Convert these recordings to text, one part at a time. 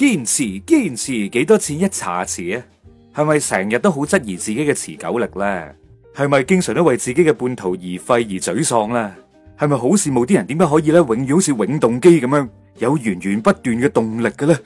堅持堅持，幾多錢一茶匙啊？係咪成日都好質疑自己嘅持久力呢？係咪經常都為自己嘅半途而廢而沮喪呢？係咪好羨慕啲人點解可以咧，永遠好似永動機咁樣有源源不斷嘅動力嘅咧？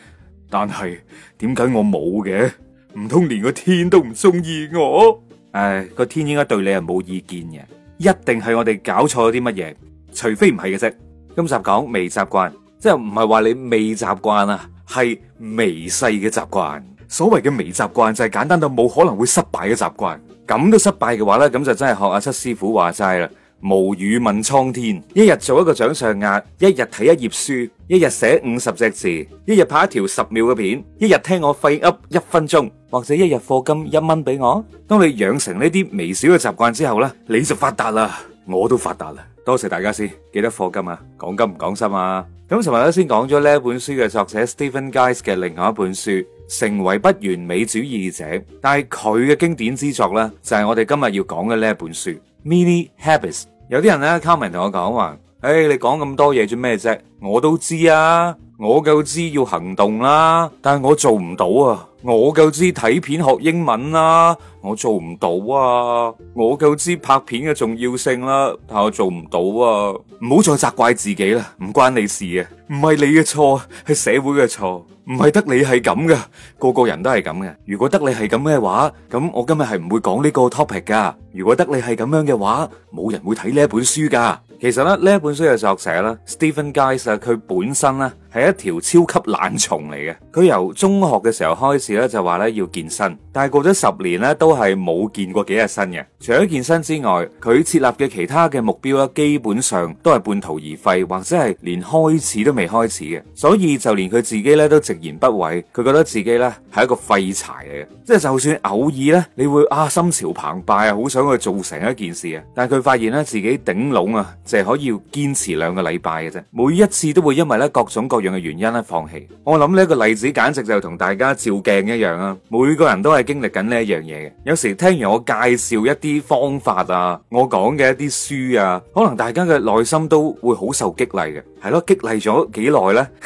但係點解我冇嘅？唔通連個天都唔中意我？唉、哎，個天應該對你係冇意見嘅，一定係我哋搞錯啲乜嘢？除非唔係嘅啫。今集講微習慣，即係唔係話你未習慣啊？係微細嘅習慣，所謂嘅微習慣就係簡單到冇可能會失敗嘅習慣，咁都失敗嘅話咧，咁就真係學阿七師傅話齋啦，無語問蒼天，一日做一個掌上壓，一日睇一頁書，一日寫五十隻字，一日拍一條十秒嘅片，一日聽我廢噏一分鐘，或者一日課金一蚊俾我。當你養成呢啲微小嘅習慣之後咧，你就發達啦，我都發達啦。多謝大家先，記得課金啊，講金唔講心啊。咁尋日咧先講咗呢一本書嘅作者 Stephen Guise 嘅另外一本書《成為不完美主義者》，但係佢嘅經典之作呢，就係我哋今日要講嘅呢一本書《Mini Habits》。有啲人呢，comment 同我講話，誒、hey，你講咁多嘢做咩啫？我都知啊。我夠知要行動啦，但係我做唔到啊！我夠知睇片學英文啦，我做唔到啊！我夠知拍片嘅重要性啦，但我做唔到啊！唔好再責怪自己啦，唔關你事啊。唔係你嘅錯，係社會嘅錯，唔係得你係咁嘅，個個人都係咁嘅。如果得你係咁嘅話，咁我今日係唔會講呢個 topic 噶。如果得你係咁樣嘅話，冇人會睇呢一本書噶。其實咧，呢一本書嘅作者咧，Stephen Guise 啊，佢本身咧係一條超級懶蟲嚟嘅。佢由中學嘅時候開始咧，就話咧要健身，但係過咗十年咧，都係冇健過幾日身嘅。除咗健身之外，佢設立嘅其他嘅目標咧，基本上都係半途而廢，或者係連開始都未開始嘅。所以就連佢自己咧都直言不諱，佢覺得自己咧係一個廢柴嚟嘅。即係就算偶爾咧，你會啊心潮澎湃啊，好想去做成一件事啊，但係佢發現咧自己頂籠啊。就係可以堅持兩個禮拜嘅啫，每一次都會因為咧各種各樣嘅原因咧放棄。我諗呢個例子，簡直就同大家照鏡一樣啊！每個人都係經歷緊呢一樣嘢嘅。有時聽完我介紹一啲方法啊，我講嘅一啲書啊，可能大家嘅內心都會好受激勵嘅。係咯、啊，激勵咗幾耐呢？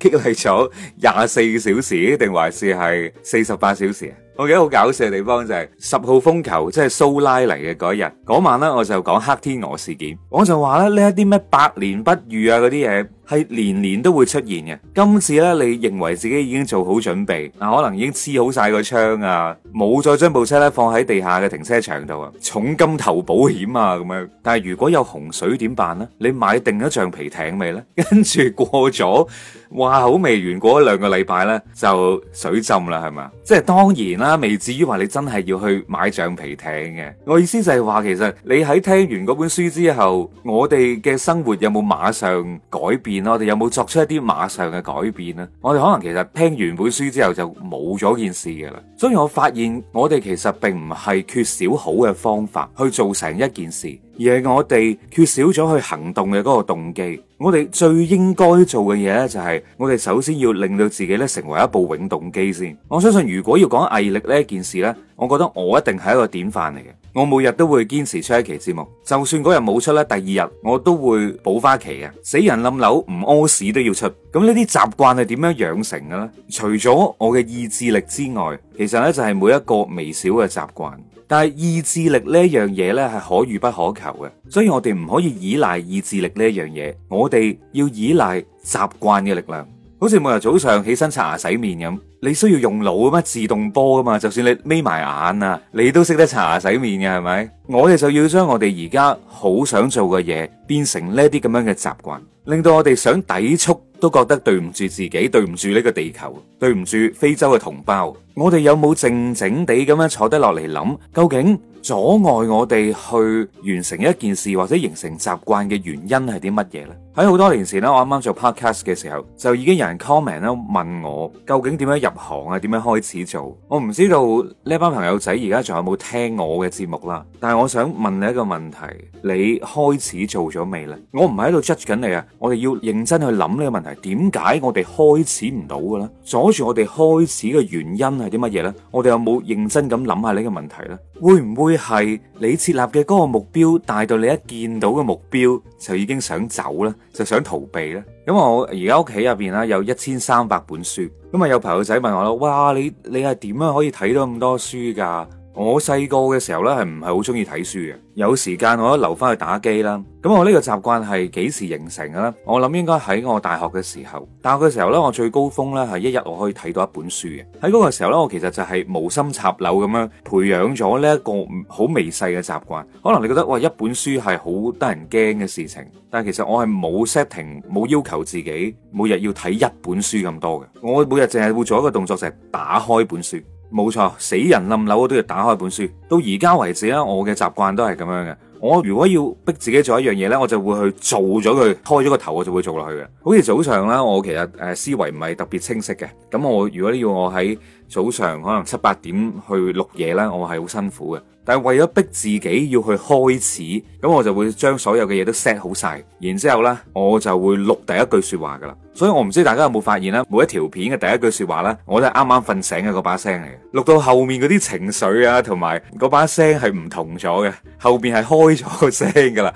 激勵咗廿四小時定還是係四十八小時啊？OK 好搞笑嘅地方就係十號風球，即係蘇拉嚟嘅嗰一日嗰晚咧，我就講黑天鵝事件。我就話咧呢一啲咩百年不遇啊，嗰啲嘢係年年都會出現嘅。今次咧，你認為自己已經做好準備啊，可能已經黐好晒個窗啊，冇再將部車咧放喺地下嘅停車場度啊，重金投保險啊咁樣。但係如果有洪水點辦咧？你買定咗橡皮艇未咧？跟住過咗話好未完，過咗兩個禮拜咧就水浸啦，係嘛？即係當然啦，未至於話你真係要去買橡皮艇嘅。我意思就係話，其實你喺聽完嗰本書之後，我哋嘅生活有冇馬上改變咯？我哋有冇作出一啲馬上嘅改變咧？我哋可能其實聽完本書之後就冇咗件事噶啦。所以我發現我哋其實並唔係缺少好嘅方法去做成一件事。而係我哋缺少咗去行動嘅嗰個動機，我哋最應該做嘅嘢呢，就係我哋首先要令到自己呢成為一部永動機先。我相信如果要講毅力呢件事呢，我覺得我一定係一個典範嚟嘅。我每日都會堅持出一期節目，就算嗰日冇出呢，第二日我都會補返期嘅。死人冧樓唔屙屎都要出。咁呢啲習慣係點樣養成嘅咧？除咗我嘅意志力之外，其實呢就係每一個微小嘅習慣。但係意志力呢一樣嘢呢係可遇不可求嘅，所以我哋唔可以依賴意志力呢一樣嘢，我哋要依賴習慣嘅力量，好似每日早上起身刷牙洗面咁。你需要用腦啊嘛，自動波啊嘛，就算你眯埋眼啊，你都識得刷牙洗面嘅，係咪？我哋就要將我哋而家好想做嘅嘢，變成呢啲咁樣嘅習慣，令到我哋想抵觸都覺得對唔住自己，對唔住呢個地球，對唔住非洲嘅同胞。我哋有冇靜靜地咁樣坐得落嚟諗，究竟阻礙我哋去完成一件事，或者形成習慣嘅原因係啲乜嘢呢？喺好多年前啦，我啱啱做 podcast 嘅時候，就已經有人 comment 啦，問我究竟點樣入行啊？點樣開始做？我唔知道呢班朋友仔而家仲有冇聽我嘅節目啦。但係我想問你一個問題：你開始做咗未呢？我唔係喺度 judge 緊你啊！我哋要認真去諗呢個問題：點解我哋開始唔到㗎呢？阻住我哋開始嘅原因係啲乜嘢呢？我哋有冇認真咁諗下呢個問題呢？會唔會係你設立嘅嗰個目標，大到你一見到嘅目標就已經想走呢？就想逃避咧，因為我而家屋企入邊啦，有一千三百本書。因為有朋友仔問我啦，哇，你你係點樣可以睇到咁多書㗎？我細個嘅時候呢，係唔係好中意睇書嘅？有時間我都留翻去打機啦。咁我呢個習慣係幾時形成嘅呢？我諗應該喺我大學嘅時候。大學嘅時候呢，我最高峰呢係一日我可以睇到一本書嘅。喺嗰個時候呢，我其實就係無心插柳咁樣培養咗呢一個好微細嘅習慣。可能你覺得哇，一本書係好得人驚嘅事情，但其實我係冇 setting 冇要求自己每日要睇一本書咁多嘅。我每日淨係會做一個動作，就係打開一本書。冇錯，死人冧樓我都要打開本書。到而家為止咧，我嘅習慣都係咁樣嘅。我如果要逼自己做一樣嘢呢，我就會去做咗佢，開咗個頭，我就會做落去嘅。好似早上呢，我其實誒思維唔係特別清晰嘅。咁我如果要我喺。早上可能七八點去錄嘢呢，我係好辛苦嘅。但係為咗逼自己要去開始，咁我就會將所有嘅嘢都 set 好晒，然之後呢，我就會錄第一句說話噶啦。所以我唔知大家有冇發現呢？每一條片嘅第一句說話呢，我都係啱啱瞓醒嘅嗰把聲嚟嘅。錄到後面嗰啲情緒啊，同埋嗰把聲係唔同咗嘅，後面係開咗個聲噶啦。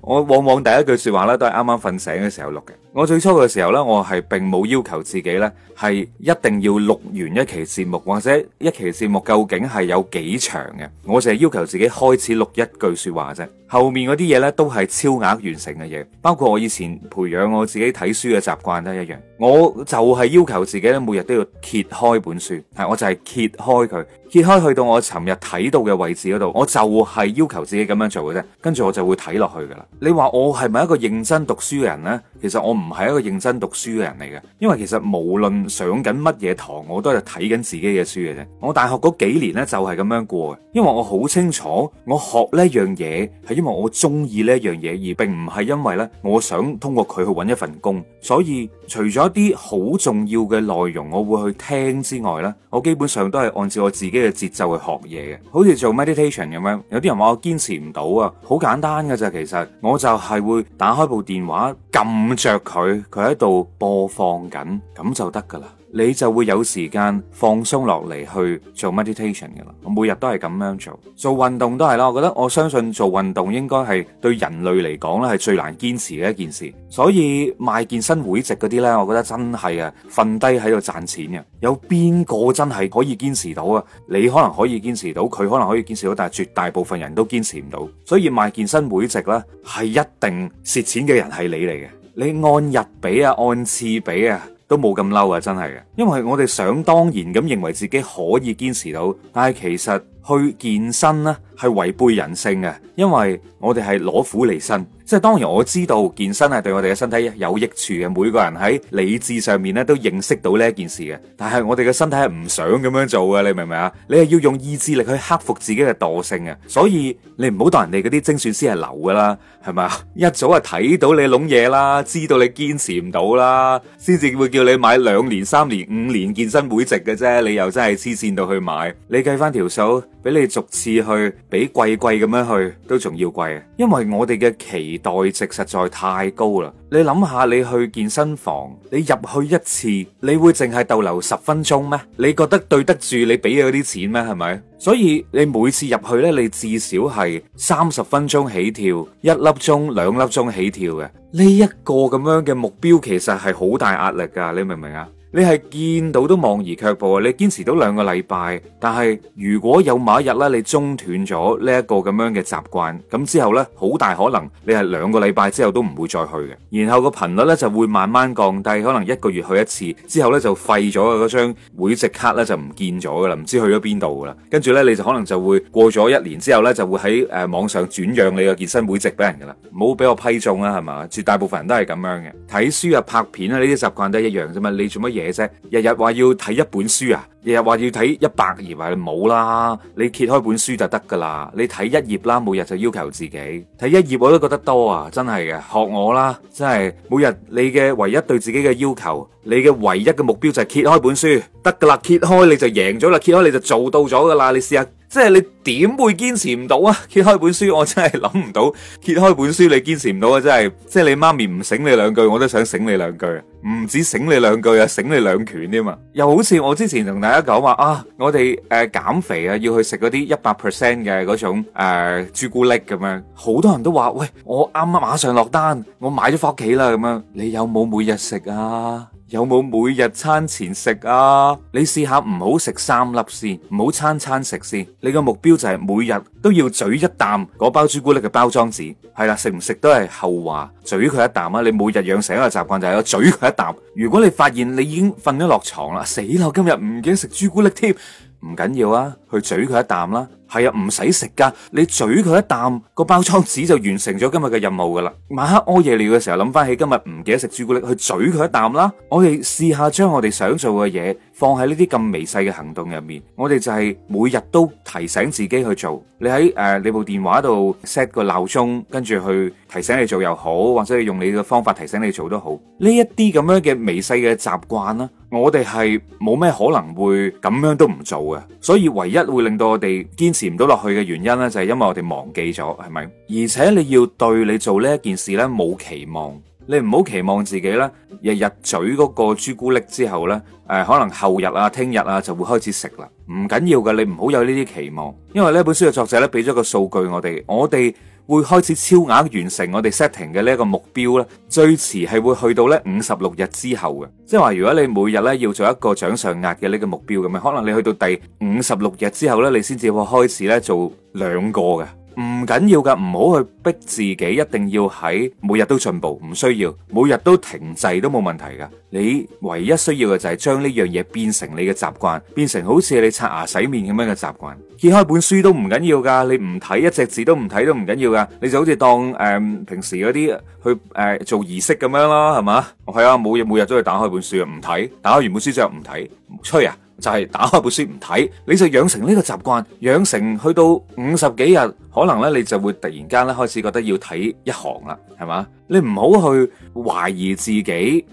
我往往第一句說話呢，都係啱啱瞓醒嘅時候錄嘅。我最初嘅時候呢，我係並冇要求自己呢係一定要錄完一期節目，或者一期節目究竟係有幾長嘅。我淨係要求自己開始錄一句說話啫，後面嗰啲嘢呢都係超額完成嘅嘢。包括我以前培養我自己睇書嘅習慣都一樣，我就係要求自己呢每日都要揭開本書，係，我就係揭開佢。揭開去到我尋日睇到嘅位置嗰度，我就係要求自己咁樣做嘅啫。跟住我就會睇落去噶啦。你話我係咪一個認真讀書嘅人呢？其實我唔係一個認真讀書嘅人嚟嘅，因為其實無論上緊乜嘢堂，我都係睇緊自己嘅書嘅啫。我大學嗰幾年呢，就係咁樣過嘅，因為我好清楚我學呢一樣嘢係因為我中意呢一樣嘢，而並唔係因為呢我想通過佢去揾一份工。所以除咗一啲好重要嘅內容我會去聽之外呢，我基本上都係按照我自己節奏去學嘢嘅，好似做 meditation 咁樣，有啲人話我堅持唔到啊，好簡單噶咋，其實我就係會打開部電話撳着佢，佢喺度播放緊，咁就得噶啦。你就會有時間放鬆落嚟去做 meditation 嘅啦。我每日都係咁樣做，做運動都係啦。我覺得我相信做運動應該係對人類嚟講咧係最難堅持嘅一件事。所以賣健身會籍嗰啲呢，我覺得真係啊，瞓低喺度賺錢嘅。有邊個真係可以堅持到啊？你可能可以堅持到，佢可能可以堅持到，但係絕大部分人都堅持唔到。所以賣健身會籍呢，係一定蝕錢嘅人係你嚟嘅。你按日俾啊，按次俾啊。都冇咁嬲啊！真係嘅，因為我哋想當然咁認為自己可以堅持到，但係其實，去健身啦，係違背人性嘅，因為我哋係攞苦離身，即係當然我知道健身係對我哋嘅身體有益處嘅，每個人喺理智上面咧都認識到呢一件事嘅，但係我哋嘅身體係唔想咁樣做嘅，你明唔明啊？你係要用意志力去克服自己嘅惰性啊，所以你唔好當人哋嗰啲精算師係流噶啦，係咪啊？ 一早啊睇到你攏嘢啦，知道你堅持唔到啦，先至會叫你買兩年、三年、五年健身會籍嘅啫，你又真係黐線到去買，你計翻條數。俾你逐次去，俾季季咁樣去都仲要貴，因為我哋嘅期待值實在太高啦。你諗下，你去健身房，你入去一次，你會淨係逗留十分鐘咩？你覺得對得住你俾嘅嗰啲錢咩？係咪？所以你每次入去呢，你至少係三十分鐘起跳，一粒鐘、兩粒鐘起跳嘅。呢一個咁樣嘅目標，其實係好大壓力噶。你明唔明啊？你係見到都望而卻步啊！你堅持到兩個禮拜，但係如果有某一日咧，你中斷咗呢一個咁樣嘅習慣，咁之後呢，好大可能你係兩個禮拜之後都唔會再去嘅。然後個頻率呢，就會慢慢降低，可能一個月去一次，之後呢，就廢咗啊！嗰張會籍卡呢，就唔見咗噶啦，唔知去咗邊度噶啦。跟住呢，你就可能就會過咗一年之後呢，就會喺誒網上轉讓你嘅健身會籍俾人噶啦。唔好俾我批中啊，係嘛？絕大部分人都係咁樣嘅。睇書啊、拍片啊呢啲習慣都係一樣啫嘛。你做乜嘢？日日話要睇一本書啊，日日話要睇一百頁，話你冇啦，你揭開本書就得噶啦，你睇一頁啦，每日就要求自己睇一頁，我都覺得多啊，真係嘅，學我啦，真係每日你嘅唯一對自己嘅要求，你嘅唯一嘅目標就係揭開本書得噶啦，揭開你就贏咗啦，揭開你就做到咗噶啦，你試下。即係你點會堅持唔到啊？揭開本書我真係諗唔到，揭開本書你堅持唔到啊！真係，即係你媽咪唔醒你兩句，我都想醒你兩句，唔止醒你兩句啊，醒你兩拳添嘛。又好似我之前同大家講話啊，我哋誒減肥啊要去食嗰啲一百 percent 嘅嗰種誒朱古力咁樣，好多人都話喂，我啱啱馬上落單，我買咗翻屋企啦咁樣，你有冇每日食啊？有冇每日餐前食啊？你試下唔好食三粒先，唔好餐餐食先。你個目標就係每日都要咀一啖嗰包朱古力嘅包裝紙。係啦，食唔食都係後話，咀佢一啖啊！你每日養成一個習慣就係嘴佢一啖。如果你發現你已經瞓咗落床啦，死啦！今日唔記得食朱古力添。唔緊要啊，去嘴佢一啖啦。係啊，唔使食噶，你嘴佢一啖，個包裝紙就完成咗今日嘅任務噶啦。晚黑屙夜尿嘅時候，諗翻起今日唔記得食朱古力，去嘴佢一啖啦。我哋試下將我哋想做嘅嘢。放喺呢啲咁微細嘅行動入面，我哋就係每日都提醒自己去做。你喺誒、呃、你部電話度 set 個鬧鐘，跟住去提醒你做又好，或者用你嘅方法提醒你做都好。呢一啲咁樣嘅微細嘅習慣啦，我哋係冇咩可能會咁樣都唔做嘅。所以唯一會令到我哋堅持唔到落去嘅原因咧，就係、是、因為我哋忘記咗，係咪？而且你要對你做呢一件事咧冇期望。你唔好期望自己啦，日日嘴嗰個朱古力之後咧，誒、呃，可能後日啊、聽日啊就會開始食啦。唔緊要噶，你唔好有呢啲期望。因為呢本書嘅作者咧俾咗個數據我哋，我哋會開始超額完成我哋 setting 嘅呢一個目標咧，最遲係會去到咧五十六日之後嘅。即係話，如果你每日咧要做一個掌上壓嘅呢個目標咁樣，可能你去到第五十六日之後咧，你先至會開始咧做兩個嘅。唔緊要噶，唔好去逼自己一定要喺每日都進步，唔需要每日都停滯都冇問題噶。你唯一需要嘅就係將呢樣嘢變成你嘅習慣，變成好似你刷牙洗面咁樣嘅習慣。揭開本書都唔緊要噶，你唔睇一隻字都唔睇都唔緊要噶，你就好似當誒平時嗰啲去誒做儀式咁樣啦，係嘛？係啊，每日每日都去打開本書啊，唔睇打開完本書就唔睇，唔吹啊，就係打開本書唔睇，你就養成呢個習慣，養成去到五十幾日。可能咧，你就會突然間咧開始覺得要睇一行啦，係嘛？你唔好去懷疑自己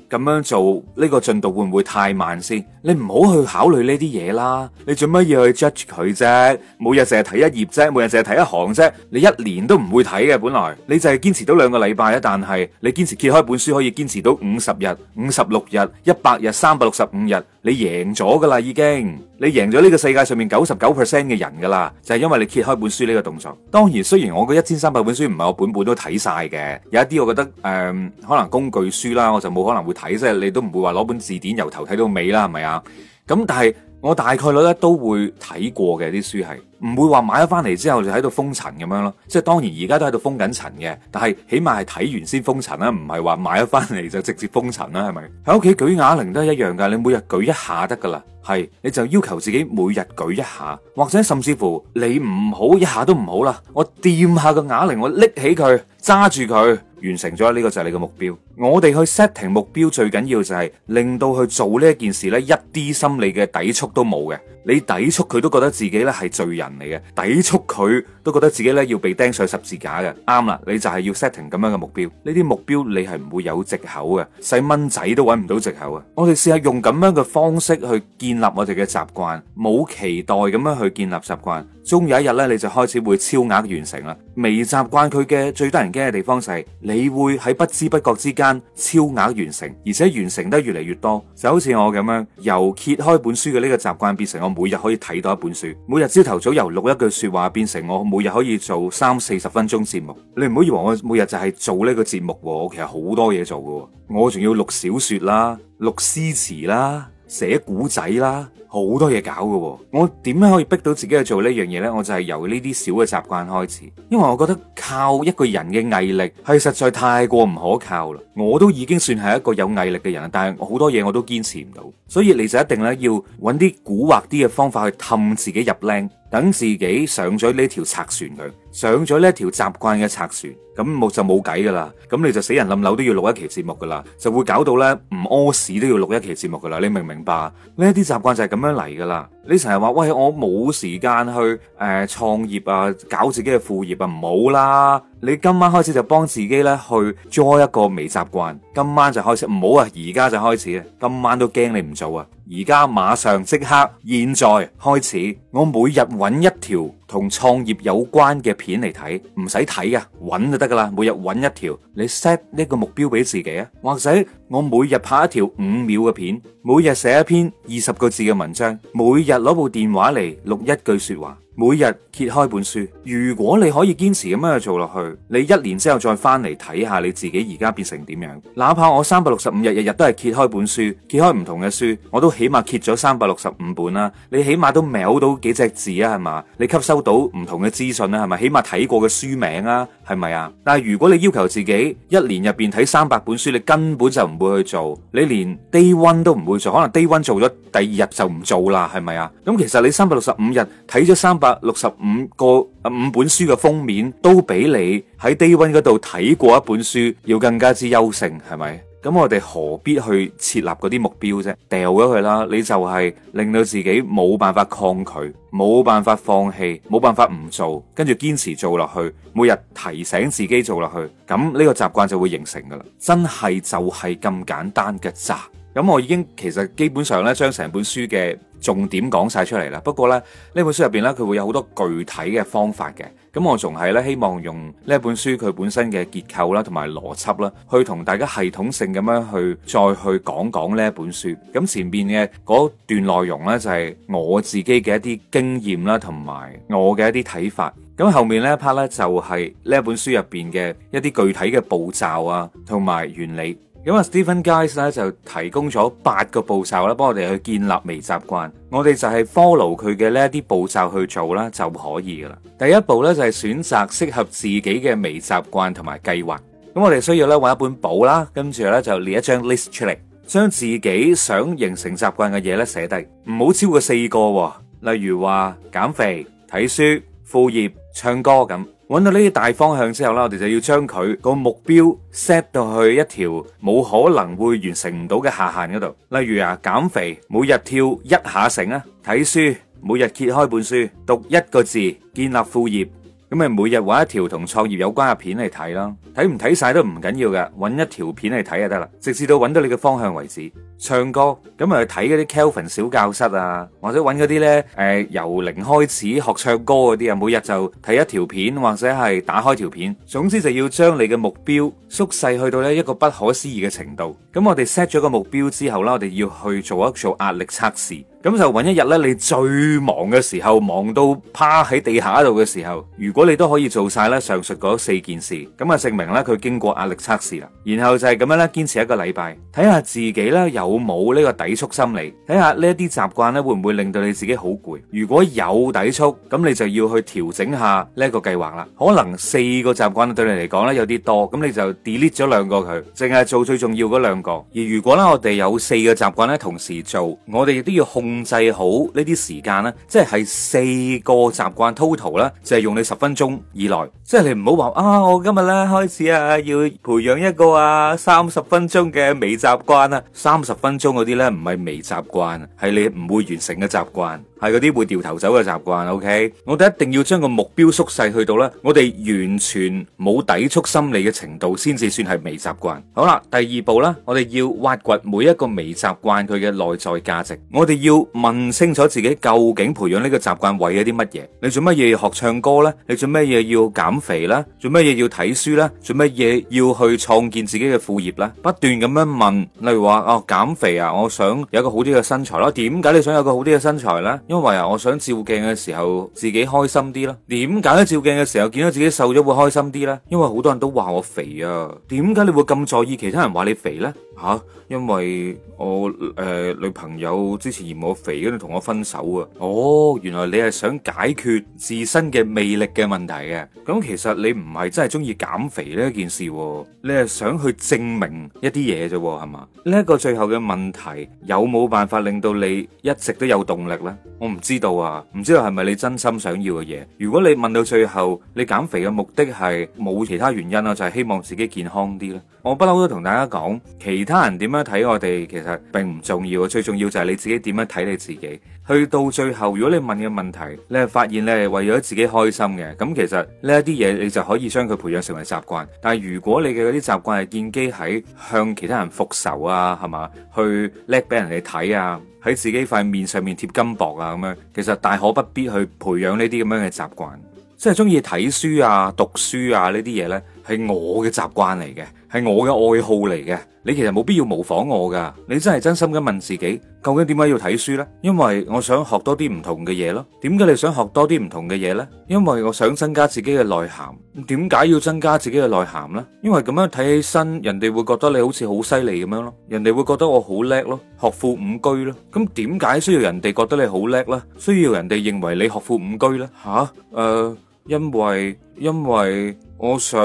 咁樣做呢個進度會唔會太慢先？你唔好去考慮呢啲嘢啦。你做乜要去 judge 佢啫？每日淨係睇一頁啫，每日淨係睇一行啫。你一年都唔會睇嘅本來，你就係堅持到兩個禮拜啫。但係你堅持揭開本書可以堅持到五十日、五十六日、一百日、三百六十五日，你贏咗噶啦已經。你贏咗呢個世界上面九十九 percent 嘅人噶啦，就係因為你揭開本書呢個動作。當然，雖然我個一千三百本書唔係我本本都睇晒嘅，有一啲我覺得，誒、呃，可能工具書啦，我就冇可能會睇，即係你都唔會話攞本字典由頭睇到尾啦，係咪啊？咁但係我大概率咧都會睇過嘅啲書係。唔會話買咗翻嚟之後就喺度封塵咁樣咯，即係當然而家都喺度封緊塵嘅，但係起碼係睇完先封塵啦，唔係話買咗翻嚟就直接封塵啦，係咪？喺屋企舉啞鈴都係一樣噶，你每日舉一下得噶啦，係你就要求自己每日舉一下，或者甚至乎你唔好一下都唔好啦，我掂下個啞鈴，我拎起佢，揸住佢，完成咗呢個就係你嘅目標。我哋去 setting 目標最緊要就係令到去做呢一件事呢，一啲心理嘅抵觸都冇嘅。你抵觸佢都覺得自己咧係罪人嚟嘅，抵觸佢都覺得自己咧要被釘上十字架嘅。啱啦，你就係要 setting 咁樣嘅目標，呢啲目標你係唔會有藉口嘅，細蚊仔都搵唔到藉口啊！我哋試下用咁樣嘅方式去建立我哋嘅習慣，冇期待咁樣去建立習慣，終有一日咧你就開始會超額完成啦。微習慣佢嘅最得人驚嘅地方就係、是、你會喺不知不覺之間超額完成，而且完成得越嚟越多，就好似我咁樣由揭開本書嘅呢個習慣變成我。每日可以睇到一本書，每日朝頭早由錄一句說話變成我每日可以做三四十分鐘節目。你唔好以為我每日就係做呢個節目，我其實好多嘢做㗎。我仲要錄小說啦，錄詩詞啦，寫故仔啦。好多嘢搞嘅哦，我點樣可以逼到自己去做呢樣嘢呢？我就係由呢啲小嘅習慣開始，因為我覺得靠一個人嘅毅力係實在太過唔可靠啦。我都已經算係一個有毅力嘅人，但係好多嘢我都堅持唔到，所以你就一定咧要揾啲古惑啲嘅方法去氹自己入靚，等自己上咗呢條賊船佢，上咗呢一條習慣嘅賊船，咁冇就冇計噶啦。咁你就死人冧樓都要錄一期節目噶啦，就會搞到呢，唔屙屎都要錄一期節目噶啦。你明唔明白？呢一啲習慣就係咁。咁樣嚟噶啦。你成日話喂，我冇時間去誒、呃、創業啊，搞自己嘅副業啊，唔好啦！你今晚開始就幫自己咧去做一個微習慣，今晚就開始，唔好啊，而家就開始啊！今晚都驚你唔做啊！而家馬上即刻現在開始，我每日揾一條同創業有關嘅片嚟睇，唔使睇啊，揾就得噶啦！每日揾一條，你 set 呢個目標俾自己啊，或者我每日拍一條五秒嘅片，每日寫一篇二十個字嘅文章，每日。日攞部電話嚟，錄一句說話，每日揭開本書。如果你可以堅持咁樣去做落去，你一年之後再翻嚟睇下你自己而家變成點樣。哪怕我三百六十五日日日都係揭開本書，揭開唔同嘅書，我都起碼揭咗三百六十五本啦。你起碼都瞄到幾隻字啊，係嘛？你吸收到唔同嘅資訊啊，係咪？起碼睇過嘅書名啊？係咪啊？但係如果你要求自己一年入邊睇三百本書，你根本就唔會去做，你連低 a 都唔會做，可能低 a 做咗第二日就唔做啦，係咪啊？咁其實你三百六十五日睇咗三百六十五個五、呃、本書嘅封面，都比你喺低 a 嗰度睇過一本書要更加之優勝，係咪？咁我哋何必去設立嗰啲目標啫？掉咗佢啦，你就係令到自己冇辦法抗拒，冇辦法放棄，冇辦法唔做，跟住堅持做落去，每日提醒自己做落去，咁呢個習慣就會形成噶啦。真係就係咁簡單嘅咋？咁我已經其實基本上呢，將成本書嘅重點講晒出嚟啦。不過呢，呢本書入邊呢，佢會有好多具體嘅方法嘅。咁我仲係咧，希望用呢本書佢本身嘅結構啦，同埋邏輯啦，去同大家系統性咁樣去再去講講呢一本書。咁前邊嘅嗰段內容呢，就係我自己嘅一啲經驗啦，同埋我嘅一啲睇法。咁後面呢一 part 呢，就係呢一本書入邊嘅一啲具體嘅步驟啊，同埋原理。咁啊，Stephen Guise 咧，就提供咗八個步驟啦，幫我哋去建立微習慣。我哋就係 follow 佢嘅呢一啲步驟去做啦就可以噶啦。第一步咧，就係選擇適合自己嘅微習慣同埋計劃。咁我哋需要咧，揾一本簿啦，跟住咧，就列一張 list 出嚟，將自己想形成習慣嘅嘢咧，寫低，唔好超過四個。例如話減肥、睇書、副業、唱歌咁。揾到呢啲大方向之後啦，我哋就要將佢個目標 set 到去一條冇可能會完成唔到嘅下限嗰度。例如啊，減肥，每日跳一下繩啊，睇書，每日揭開本書讀一個字。建立副業，咁咪每日揾一條同創業有關嘅片嚟睇囉。睇唔睇晒都唔緊要嘅，揾一條片嚟睇就得啦，直至到揾到你嘅方向為止。唱歌咁咪去睇嗰啲 Kelvin 小教室啊，或者揾嗰啲咧，誒由零開始學唱歌嗰啲啊，每日就睇一條片或者係打開條片，總之就要將你嘅目標縮細去到咧一個不可思議嘅程度。咁我哋 set 咗個目標之後啦，我哋要去做一做壓力測試。咁就揾一日咧，你最忙嘅時候，忙到趴喺地下度嘅時候，如果你都可以做晒咧上述嗰四件事，咁啊證明咧佢經過壓力測試啦。然後就係咁樣咧，堅持一個禮拜，睇下自己咧有。冇呢個抵觸心理，睇下呢一啲習慣呢，會唔會令到你自己好攰？如果有抵觸，咁你就要去調整下呢一個計劃啦。可能四個習慣對你嚟講呢，有啲多，咁你就 delete 咗兩個佢，淨係做最重要嗰兩個。而如果呢，我哋有四個習慣呢，同時做，我哋亦都要控制好呢啲時間啦，即係四個習慣 total 呢，就係用你十分鐘以內。即係你唔好話啊，我今日呢開始啊要培養一個啊三十分鐘嘅微習慣啊，三十。分鐘嗰啲咧，唔係微習慣，係你唔會完成嘅習慣，係嗰啲會掉頭走嘅習慣。OK，我哋一定要將個目標縮細去到咧，我哋完全冇抵觸心理嘅程度，先至算係微習慣。好啦，第二步啦，我哋要挖掘每一個微習慣佢嘅內在價值。我哋要問清楚自己究竟培養呢個習慣為咗啲乜嘢？你做乜嘢要學唱歌呢？你做乜嘢要減肥呢？做乜嘢要睇書呢？做乜嘢要去創建自己嘅副業呢？不斷咁樣問，例如話哦、啊減肥啊！我想有個好啲嘅身材咯。點解你想有個好啲嘅身材呢？因為啊，我想照鏡嘅時候自己開心啲啦。點解照鏡嘅時候見到自己瘦咗會開心啲呢？因為好多人都話我肥啊。點解你會咁在意其他人話你肥呢？吓、啊，因為我誒、呃、女朋友之前嫌我肥，跟住同我分手啊。哦，原來你係想解決自身嘅魅力嘅問題嘅、啊。咁、嗯、其實你唔係真係中意減肥呢一件事、啊，你係想去證明一啲嘢啫，係嘛？呢、這、一個最後嘅問題，有冇辦法令到你一直都有動力呢？我唔知道啊，唔知道係咪你真心想要嘅嘢。如果你問到最後，你減肥嘅目的係冇其他原因啊，就係、是、希望自己健康啲咧。我不嬲都同大家講，其他。他人點樣睇我哋，其實並唔重要。最重要就係你自己點樣睇你自己。去到最後，如果你問嘅問題，你係發現你係為咗自己開心嘅，咁其實呢一啲嘢，你就可以將佢培養成為習慣。但係如果你嘅嗰啲習慣係建基喺向其他人復仇啊，係嘛，去叻俾人哋睇啊，喺自己塊面上面貼金箔啊，咁樣，其實大可不必去培養呢啲咁樣嘅習慣。即係中意睇書啊、讀書啊呢啲嘢呢，係我嘅習慣嚟嘅，係我嘅愛好嚟嘅。你其實冇必要模仿我噶，你真係真心咁問自己，究竟點解要睇書呢？因為我想學多啲唔同嘅嘢咯。點解你想學多啲唔同嘅嘢呢？因為我想增加自己嘅內涵。點解要增加自己嘅內涵呢？因為咁樣睇起身，人哋會覺得你好似好犀利咁樣咯。人哋會覺得我好叻咯，學富五車咯。咁點解需要人哋覺得你好叻呢？需要人哋認為你學富五車呢？吓，誒。因為因為我想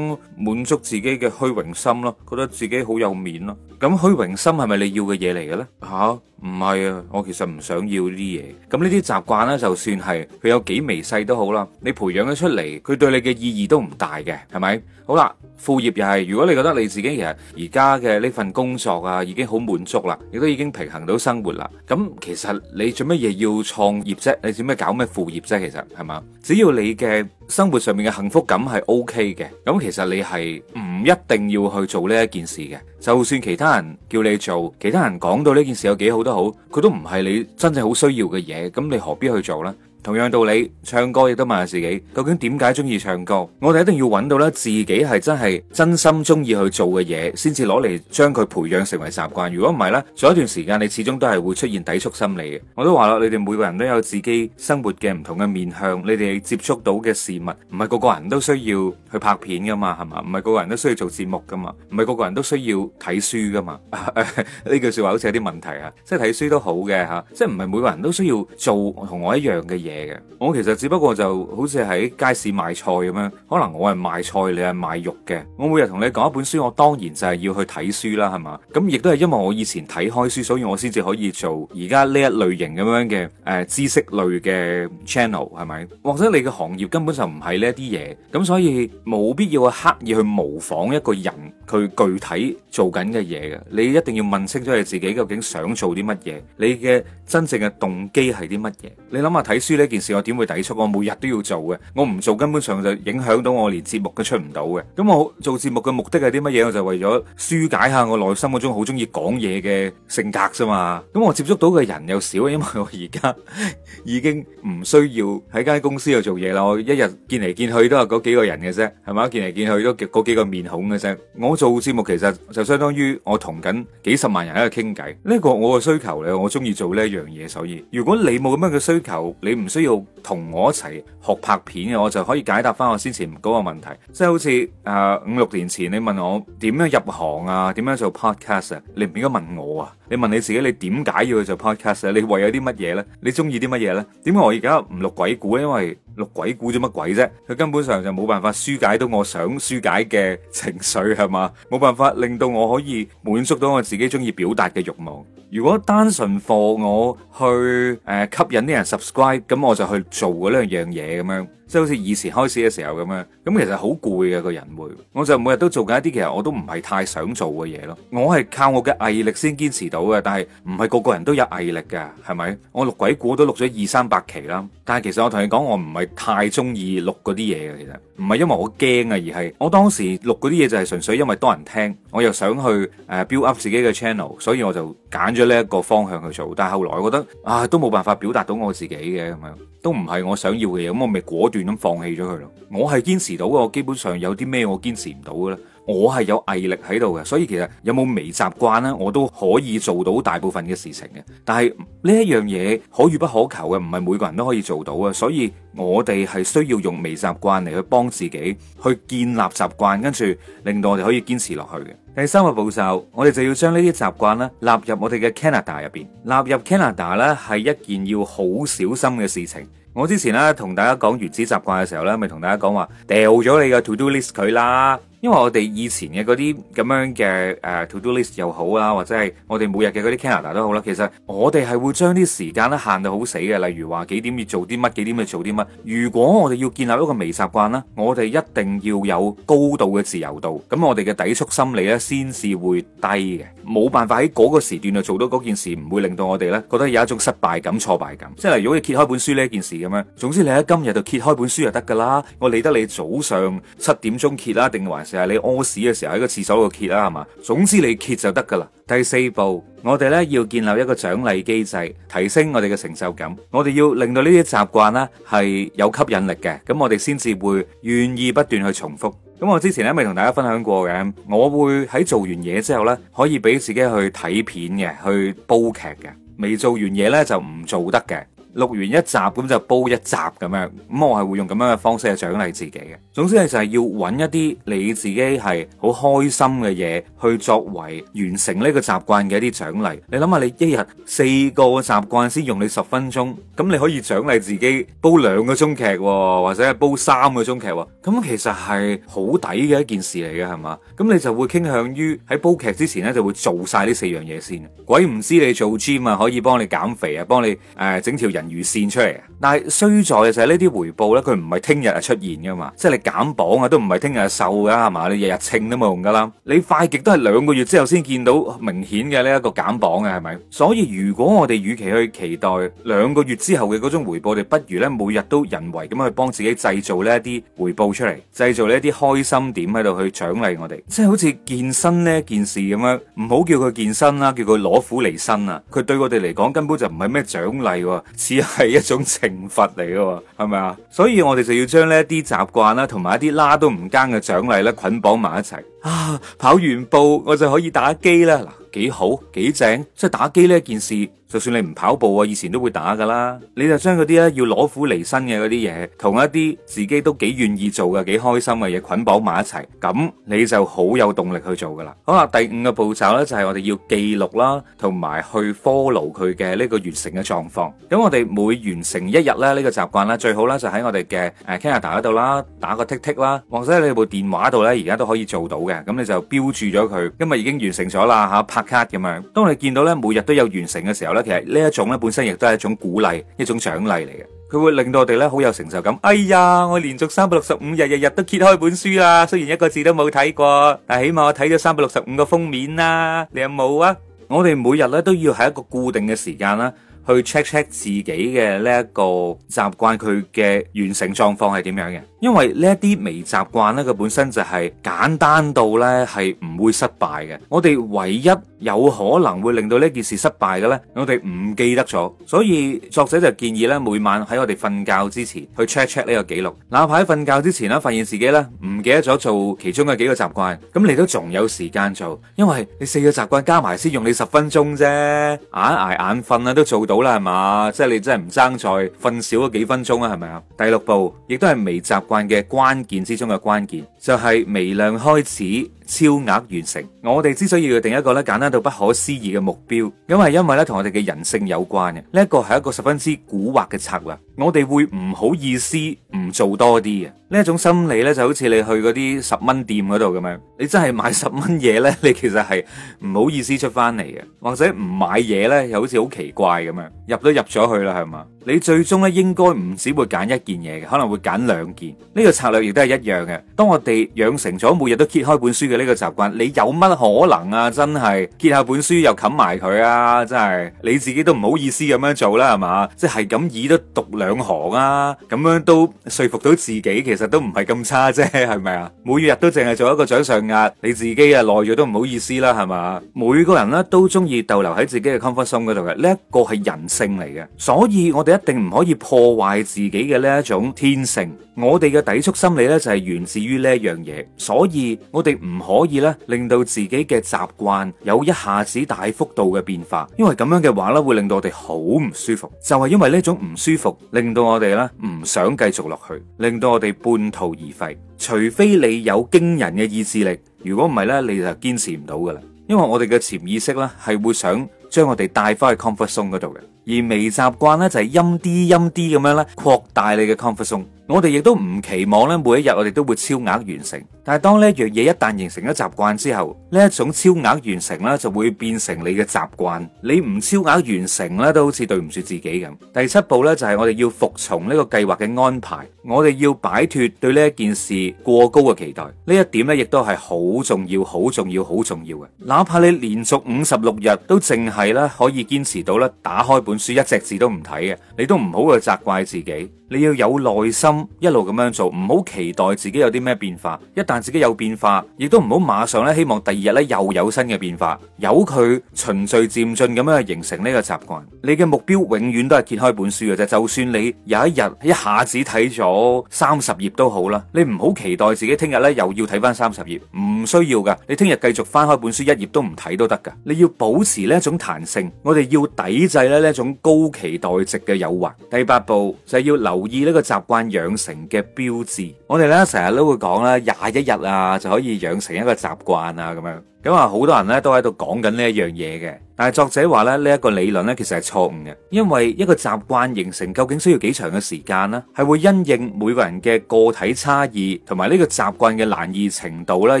滿足自己嘅虛榮心啦，覺得自己好有面啦。咁虛榮心係咪你要嘅嘢嚟嘅咧？吓、啊？唔係啊，我其實唔想要呢啲嘢。咁呢啲習慣咧，就算係佢有幾微細都好啦，你培養得出嚟，佢對你嘅意義都唔大嘅，係咪？好啦，副業又係，如果你覺得你自己其實而家嘅呢份工作啊，已經好滿足啦，亦都已經平衡到生活啦，咁其實你做乜嘢要創業啫？你做咩搞咩副業啫？其實係嘛？只要你嘅生活上面嘅幸福感係 OK 嘅，咁其實你係唔一定要去做呢一件事嘅。就算其他人叫你做，其他人講到呢件事有幾好都好，佢都唔係你真正好需要嘅嘢，咁你何必去做咧？同樣道理，唱歌亦都問下自己，究竟點解中意唱歌？我哋一定要揾到咧，自己係真係真心中意去做嘅嘢，先至攞嚟將佢培養成為習慣。如果唔係呢，做一段時間，你始終都係會出現抵觸心理嘅。我都話啦，你哋每個人都有自己生活嘅唔同嘅面向，你哋接觸到嘅事物，唔係個個人都需要去拍片噶嘛，係嘛？唔係個個人都需要做節目噶嘛，唔係個個人都需要睇書噶嘛？呢句説話好似有啲問題啊！即係睇書都好嘅嚇，即係唔係每個人都需要做同、 啊、我一樣嘅嘢。嘢嘅，我其實只不過就好似喺街市賣菜咁樣，可能我係賣菜，你係賣肉嘅。我每日同你講一本書，我當然就係要去睇書啦，係嘛？咁亦都係因為我以前睇開書，所以我先至可以做而家呢一類型咁樣嘅誒知識類嘅 channel，係咪？或者你嘅行業根本就唔係呢一啲嘢，咁所以冇必要去刻意去模仿一個人佢具體做緊嘅嘢嘅。你一定要問清楚你自己究竟想做啲乜嘢，你嘅真正嘅動機係啲乜嘢？你諗下睇書。呢件事我點會抵觸？我每日都要做嘅，我唔做根本上就影響到我，我連節目都出唔到嘅。咁我做節目嘅目的係啲乜嘢？我就為咗紓解下我內心嗰種好中意講嘢嘅性格啫嘛。咁我接觸到嘅人又少，因為我而家 已經唔需要喺間公司度做嘢啦。我一日見嚟見去都係嗰幾個人嘅啫，係嘛？見嚟見去都嗰幾個面孔嘅啫。我做節目其實就相當於我同緊幾十萬人喺度傾偈。呢個我嘅需求咧，我中意做呢一樣嘢，所以如果你冇咁樣嘅需求，你唔。唔需要同我一齊學拍片嘅，我就可以解答返我先前嗰個問題。即係好似誒五六年前，你問我點樣入行啊，點樣做 podcast 啊，你唔應該問我啊，你問你自己，你點解要去做 podcast 啊？你為咗啲乜嘢呢？你中意啲乜嘢呢？點解我而家唔錄鬼故？因為錄鬼故做乜鬼啫？佢根本上就冇辦法紓解到我想紓解嘅情緒，係咪？冇辦法令到我可以滿足到我自己中意表達嘅欲望。如果單純課我去誒、呃、吸引啲人 subscribe，咁我就去做嗰兩樣嘢咁樣。即係好似以前開始嘅時候咁樣，咁其實好攰嘅個人會，我就每日都做緊一啲其實我都唔係太想做嘅嘢咯。我係靠我嘅毅力先堅持到嘅，但係唔係個個人都有毅力㗎，係咪？我錄鬼故都錄咗二三百期啦，但係其實我同你講，我唔係太中意錄嗰啲嘢嘅，其實唔係因為我驚啊，而係我當時錄嗰啲嘢就係純粹因為多人聽，我又想去誒 build up 自己嘅 channel，所以我就揀咗呢一個方向去做。但係後來我覺得啊，都冇辦法表達到我自己嘅，咁樣都唔係我想要嘅嘢，咁我咪果斷斷咁放棄咗佢咯，我係堅持到嘅。我基本上有啲咩我堅持唔到嘅，咧，我係有毅力喺度嘅。所以其實有冇微習慣呢？我都可以做到大部分嘅事情嘅。但係呢一樣嘢可遇不可求嘅，唔係每個人都可以做到㗎。所以我哋係需要用微習慣嚟，去幫自己去建立習慣，跟住令到我哋可以堅持落去嘅。第三個步驟，我哋就要將呢啲習慣呢，納入我哋嘅 Canada 入邊。納入 Canada 咧係一件要好小心嘅事情。我之前咧同大家講原子習慣嘅時候咧，咪同大家講話掉咗你嘅 to do list 佢啦。因為我哋以前嘅嗰啲咁樣嘅誒、uh, to do list 又好啦，或者係我哋每日嘅嗰啲 Canada 都好啦，其實我哋係會將啲時間咧限到好死嘅，例如話幾點要做啲乜，幾點去做啲乜。如果我哋要建立一個微習慣啦，我哋一定要有高度嘅自由度，咁我哋嘅抵觸心理咧先至會低嘅，冇辦法喺嗰個時段就做到嗰件事，唔會令到我哋咧覺得有一種失敗感、挫敗感。即係如果你揭開本書呢一件事咁樣，總之你喺今日就揭開本書就得㗎啦，我理得你早上七點鐘揭啦，定還？成日你屙屎嘅時候喺個廁所度揭啦，係嘛？總之你揭就得噶啦。第四步，我哋咧要建立一個獎勵機制，提升我哋嘅成就感。我哋要令到呢啲習慣咧係有吸引力嘅，咁我哋先至會願意不斷去重複。咁我之前咧未同大家分享過嘅，我會喺做完嘢之後咧可以俾自己去睇片嘅，去煲劇嘅。未做完嘢咧就唔做得嘅。錄完一集咁就煲一集咁樣，咁我係會用咁樣嘅方式去獎勵自己嘅。總之係就係要揾一啲你自己係好開心嘅嘢去作為完成呢個習慣嘅一啲獎勵。你諗下，你一日四個習慣先用你十分鐘，咁你可以獎勵自己煲兩個鐘劇，或者係煲三個鐘劇。咁其實係好抵嘅一件事嚟嘅，係嘛？咁你就會傾向於喺煲劇之前呢，就會做晒呢四樣嘢先。鬼唔知你做 gym 啊可以幫你減肥啊，幫你誒、呃、整條人。魚線出嚟，但係衰在嘅就係呢啲回報呢，佢唔係聽日啊出現噶嘛，即係你減磅啊都唔係聽日瘦噶係嘛，你日日稱都冇用噶啦，你快極都係兩個月之後先見到明顯嘅呢一個減磅嘅係咪？所以如果我哋與其去期待兩個月之後嘅嗰種回報，你不如咧每日都人為咁去幫自己製造呢一啲回報出嚟，製造呢一啲開心點喺度去獎勵我哋，即係好似健身呢件事咁樣，唔好叫佢健身啦，叫佢攞苦離身啊，佢對我哋嚟講根本就唔係咩獎勵，似。又係一種懲罰嚟嘅，係咪啊？所以我哋就要將呢啲習慣啦，同埋一啲拉都唔奸嘅獎勵咧捆綁埋一齊啊！跑完步我就可以打機啦，嗱，幾好幾正，即係打機呢一件事。就算你唔跑步啊，以前都會打噶啦。你就將嗰啲咧要攞苦離身嘅嗰啲嘢，同一啲自己都幾願意做嘅、幾開心嘅嘢捆綁埋一齊，咁你就好有動力去做噶啦。好啦，第五個步驟呢，就係我哋要記錄啦，同埋去 follow 佢嘅呢個完成嘅狀況。咁我哋每完成一日咧呢、呢個習慣咧，最好咧就喺我哋嘅誒 Canada 嗰度啦，打個 tick tick 啦，ick，或者你部電話度呢，而家都可以做到嘅。咁你就標注咗佢今日已經完成咗啦，吓、啊、拍卡 a r d 咁樣。當你見到呢每日都有完成嘅時候咧。其實呢一種咧，本身亦都係一種鼓勵、一種獎勵嚟嘅。佢會令到我哋咧好有成就感。哎呀，我連續三百六十五日日日都揭開本書啦、啊，雖然一個字都冇睇過，但起碼我睇咗三百六十五個封面啦、啊。你有冇啊？我哋每日咧都要喺一個固定嘅時間啦。去 check check 自己嘅呢一個習慣佢嘅完成狀況係點樣嘅？因為呢一啲微習慣呢，佢本身就係簡單到呢係唔會失敗嘅。我哋唯一有可能會令到呢一件事失敗嘅呢，我哋唔記得咗。所以作者就建議呢，每晚喺我哋瞓覺之前去 check check 呢個記錄。哪怕喺瞓覺之前啦，發現自己呢唔記得咗做其中嘅幾個習慣，咁你都仲有時間做，因為你四個習慣加埋先用你十分鐘啫，捱一捱眼瞓呀都做到。好啦，係嘛？即係你真係唔爭在瞓少咗幾分鐘啊，係咪啊？第六步亦都係微習慣嘅關鍵之中嘅關鍵，就係微量開始。超額完成，我哋之所以要定一個咧簡單到不可思議嘅目標，因為因為咧同我哋嘅人性有關嘅。呢一個係一個十分之蠱惑嘅策略，我哋會唔好意思唔做多啲嘅。呢一種心理咧就好似你去嗰啲十蚊店嗰度咁樣，你真係買十蚊嘢咧，你其實係唔好意思出翻嚟嘅，或者唔買嘢咧又好似好奇怪咁樣入都入咗去啦，係嘛？你最終咧應該唔止會揀一件嘢嘅，可能會揀兩件。呢個策略亦都係一樣嘅。當我哋養成咗每日都揭開本書嘅。呢個習慣，你有乜可能啊？真係揭下本書又冚埋佢啊！真係你自己都唔好意思咁樣做啦，係嘛？即係咁易都讀兩行啊，咁樣都說服到自己，其實都唔係咁差啫，係咪啊？每日都淨係做一個掌上壓，你自己啊耐咗都唔好意思啦，係嘛？每個人咧都中意逗留喺自己嘅 comfort zone 嗰度嘅，呢一個係人性嚟嘅，所以我哋一定唔可以破壞自己嘅呢一種天性。我哋嘅抵觸心理咧就係源自於呢一樣嘢，所以我哋唔。可以咧，令到自己嘅習慣有一下子大幅度嘅變化，因為咁樣嘅話咧，會令到我哋好唔舒服。就係因為呢種唔舒服，令到我哋咧唔想繼續落去，令到我哋半途而廢。除非你有驚人嘅意志力，如果唔係咧，你就堅持唔到噶啦。因為我哋嘅潛意識咧，係會想將我哋帶翻去 comfort zone 嗰度嘅。而微習慣咧，就係陰啲陰啲咁樣咧，擴大你嘅 comfort zone。我哋亦都唔期望咧，每一日我哋都會超額完成。但係當呢一樣嘢一旦形成咗習慣之後，呢一種超額完成咧就會變成你嘅習慣。你唔超額完成咧，都好似對唔住自己咁。第七步咧，就係我哋要服從呢個計劃嘅安排。我哋要擺脫對呢一件事過高嘅期待。呢一點咧，亦都係好重要、好重要、好重要嘅。哪怕你連續五十六日都淨係咧可以堅持到咧，打開本書一隻字都唔睇嘅，你都唔好去責怪自己。你要有耐心，一路咁樣做，唔好期待自己有啲咩變化。一旦自己有變化，亦都唔好馬上咧，希望第二日咧又有新嘅變化，由佢循序漸進咁樣去形成呢個習慣。你嘅目標永遠都係揭開本書嘅啫，就算你有一日一下子睇咗三十頁都好啦，你唔好期待自己聽日咧又要睇翻三十頁，唔需要噶。你聽日繼續翻開本書一頁都唔睇都得噶。你要保持呢一種彈性，我哋要抵制咧呢一種高期待值嘅誘惑。第八步就係要留。留意呢個習慣養成嘅標誌，我哋咧成日都會講啦，廿一日啊，就可以養成一個習慣啊咁樣，咁啊好多人咧都喺度講緊呢一樣嘢嘅。但係作者話呢，呢一個理論呢，其實係錯誤嘅，因為一個習慣形成究竟需要幾長嘅時間呢，係會因應每個人嘅個體差異同埋呢個習慣嘅難易程度呢而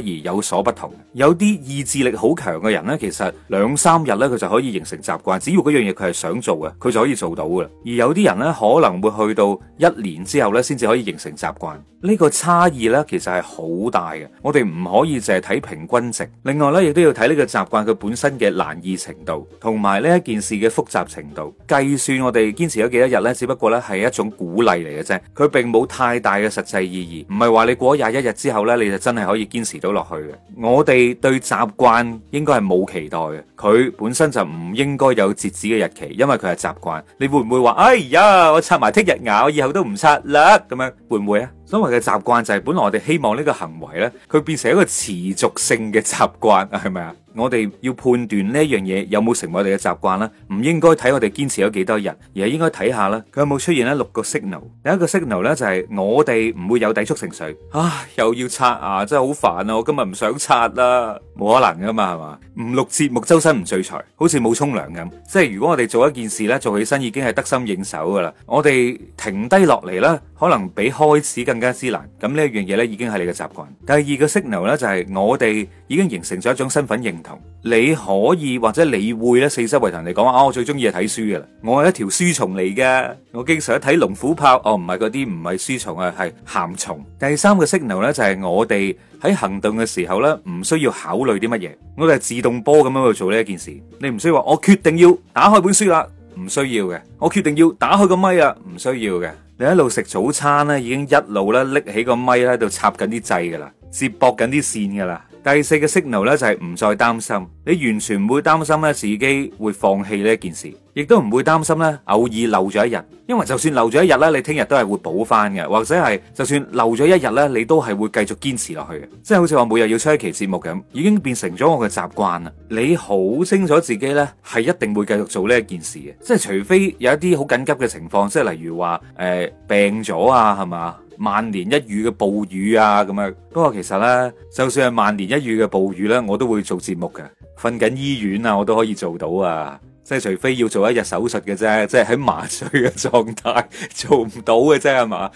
有所不同。有啲意志力好強嘅人呢，其實兩三日呢，佢就可以形成習慣，只要嗰樣嘢佢係想做嘅，佢就可以做到嘅。而有啲人呢，可能會去到一年之後呢，先至可以形成習慣。呢個差異呢，其實係好大嘅，我哋唔可以淨係睇平均值。另外呢，亦都要睇呢個習慣佢本身嘅難易程度。同埋呢一件事嘅複雜程度，計算我哋堅持咗幾多日呢？只不過呢係一種鼓勵嚟嘅啫，佢並冇太大嘅實際意義。唔係話你過咗廿一日之後呢，你就真係可以堅持到落去嘅。我哋對習慣應該係冇期待嘅，佢本身就唔應該有截止嘅日期，因為佢係習慣。你會唔會話，哎呀，我刷埋聽日牙，我以後都唔刷啦？咁樣會唔會啊？所謂嘅習慣就係本來我哋希望呢個行為呢，佢變成一個持續性嘅習慣，係咪啊？我哋要判斷呢樣嘢有冇成為我哋嘅習慣啦，唔應該睇我哋堅持咗幾多日，而係應該睇下啦，佢有冇出現呢六個 signal。第一個 signal 呢就係、是、我哋唔會有抵觸情緒。唉，又要刷牙，真係好煩啊！我今日唔想刷啦，啊。冇可能噶嘛，係嘛？唔錄節目，周身唔聚財，好似冇沖涼咁。即係如果我哋做一件事咧，做起身已經係得心應手噶啦。我哋停低落嚟咧，可能比開始更加之難。咁呢一樣嘢咧，已經係你嘅習慣。第二個 signal 咧，就係我哋已經形成咗一種身份認同。你可以或者你會咧四周圍同人哋講啊，我最中意係睇書噶啦，我係一條書蟲嚟噶，我經常睇《龍虎豹》。哦，唔係嗰啲唔係書蟲啊，係鹹蟲。第三個 signal 咧，就係我哋。喺行動嘅時候咧，唔需要考慮啲乜嘢，我哋係自動波咁樣去做呢一件事。你唔需要話我決定要打開本書啦，唔需要嘅。我決定要打開個咪啊，唔需要嘅。你一路食早餐咧，已經一路咧拎起個咪咧，喺度插緊啲掣噶啦，接駁緊啲線噶啦。第四個 signal 咧就係唔再擔心，你完全唔會擔心咧自己會放棄呢件事，亦都唔會擔心咧偶爾漏咗一日，因為就算漏咗一日咧，你聽日都係會補翻嘅，或者係就算漏咗一日咧，你都係會繼續堅持落去嘅，即係好似我每日要出一期節目咁，已經變成咗我嘅習慣啦。你好清楚自己呢，係一定會繼續做呢一件事嘅，即係除非有一啲好緊急嘅情況，即係例如話誒、呃、病咗啊，係嘛？萬年一遇嘅暴雨啊，咁樣。不過其實呢，就算係萬年一遇嘅暴雨呢，我都會做節目嘅。瞓緊醫院啊，我都可以做到啊，即係除非要做一日手術嘅啫，即係喺麻醉嘅狀態做唔到嘅啫，係嘛？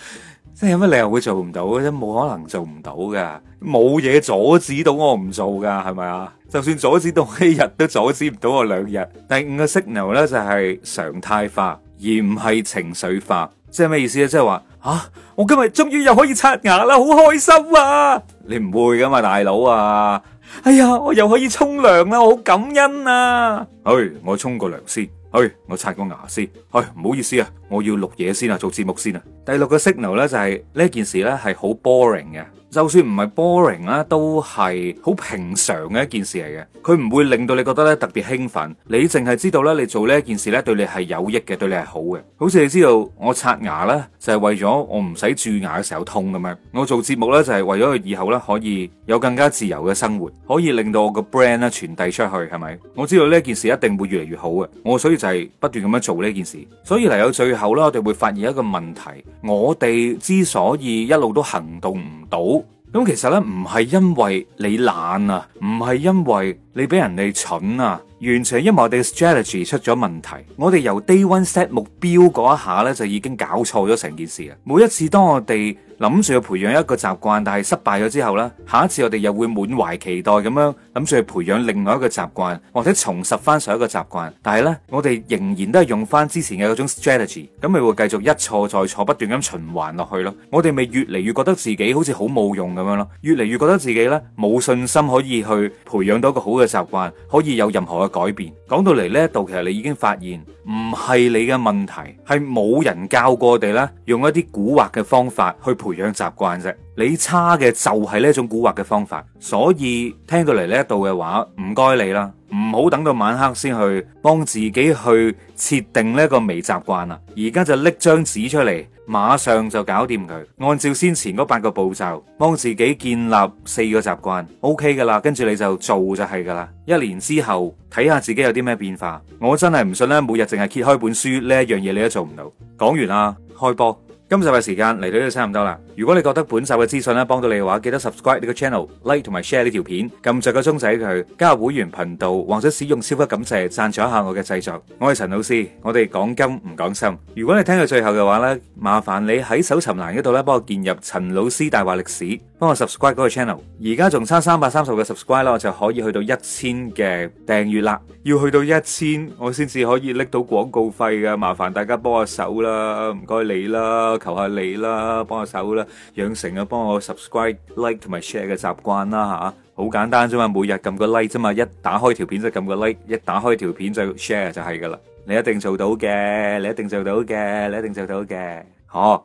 即係有乜理由會做唔到嘅？你冇可能做唔到嘅，冇嘢阻止到我唔做噶，係咪啊？就算阻止到一日，都阻止唔到我兩日。第五個 signal 呢，就係常態化，而唔係情緒化，即係咩意思呢？即係話。吓、啊！我今日終於又可以刷牙啦，好開心啊！你唔會㗎嘛，大佬啊！哎呀，我又可以沖涼啦，我好感恩啊！去、哎，我沖個涼先；去、哎，我刷個牙先；去、哎，唔好意思啊，我要錄嘢先啊，做節目先啊。第六個 signal 咧就係、是、呢件事咧係好 boring 嘅。就算唔係 boring 啦，都係好平常嘅一件事嚟嘅。佢唔會令到你覺得咧特別興奮。你淨係知道咧，你做呢一件事咧，對你係有益嘅，對你係好嘅。好似你知道，我刷牙咧就係為咗我唔使蛀牙嘅時候痛咁樣。我做節目咧就係為咗以後咧可以有更加自由嘅生活，可以令到我個 brand 咧傳遞出去，係咪？我知道呢件事一定會越嚟越好嘅。我所以就係不斷咁樣做呢件事。所以嚟到最後咧，我哋會發現一個問題：我哋之所以一路都行動唔到。咁其實呢，唔係因為你懶啊，唔係因為你俾人哋蠢啊，完全因為我哋 strategy 出咗問題。我哋由 day one set 目標嗰一下呢，就已經搞錯咗成件事啊！每一次當我哋諗住去培養一個習慣，但係失敗咗之後呢，下一次我哋又會滿懷期待咁樣諗住去培養另外一個習慣，或者重拾翻上一個習慣，但係呢，我哋仍然都係用翻之前嘅嗰種 strategy，咁咪會繼續一錯再錯，不斷咁循環落去咯。我哋咪越嚟越覺得自己好似好冇用咁樣咯，越嚟越覺得自己呢冇信心可以去培養到一個好嘅習慣，可以有任何嘅改變。講到嚟呢一度，其實你已經發現唔係你嘅問題，係冇人教過我哋咧，用一啲蠱惑嘅方法去培。培養習慣啫，你差嘅就係呢一種蠱惑嘅方法，所以聽到嚟呢一度嘅話，唔該你啦，唔好等到晚黑先去幫自己去設定呢一個微習慣啦！而家就拎張紙出嚟，馬上就搞掂佢，按照先前嗰八個步驟幫自己建立四個習慣，OK 噶啦，跟住你就做就係噶啦，一年之後睇下自己有啲咩變化，我真係唔信咧，每日淨係揭開本書呢一樣嘢，你都做唔到。講完啦，開波。今集嘅時間嚟到都差唔多啦。如果你覺得本集嘅資訊咧幫到你嘅話，記得 subscribe 呢個 channel、like 同埋 share 呢條片，撳着個鐘仔佢,加入會員頻道或者使用超級感謝贊助一下我嘅製作。我係陳老師，我哋講金唔講心。如果你聽到最後嘅話咧，麻煩你喺搜尋欄嗰度咧幫我建入陳老師大話歷史，幫我 subscribe 嗰個 channel。而家仲差三百三十個 subscribe 啦，我就可以去到一千嘅訂閱啦。要去到一千，我先至可以拎到廣告費噶。麻煩大家幫下手啦，唔該你啦。求下你啦，幫下手啦，養成啊幫我 subscribe、like 同埋 share 嘅習慣啦吓，好簡單啫嘛，每日撳個 like 啫嘛，一打開條片就撳個 like，一打開條片就 share 就係噶啦，你一定做到嘅，你一定做到嘅，你一定做到嘅，好、啊。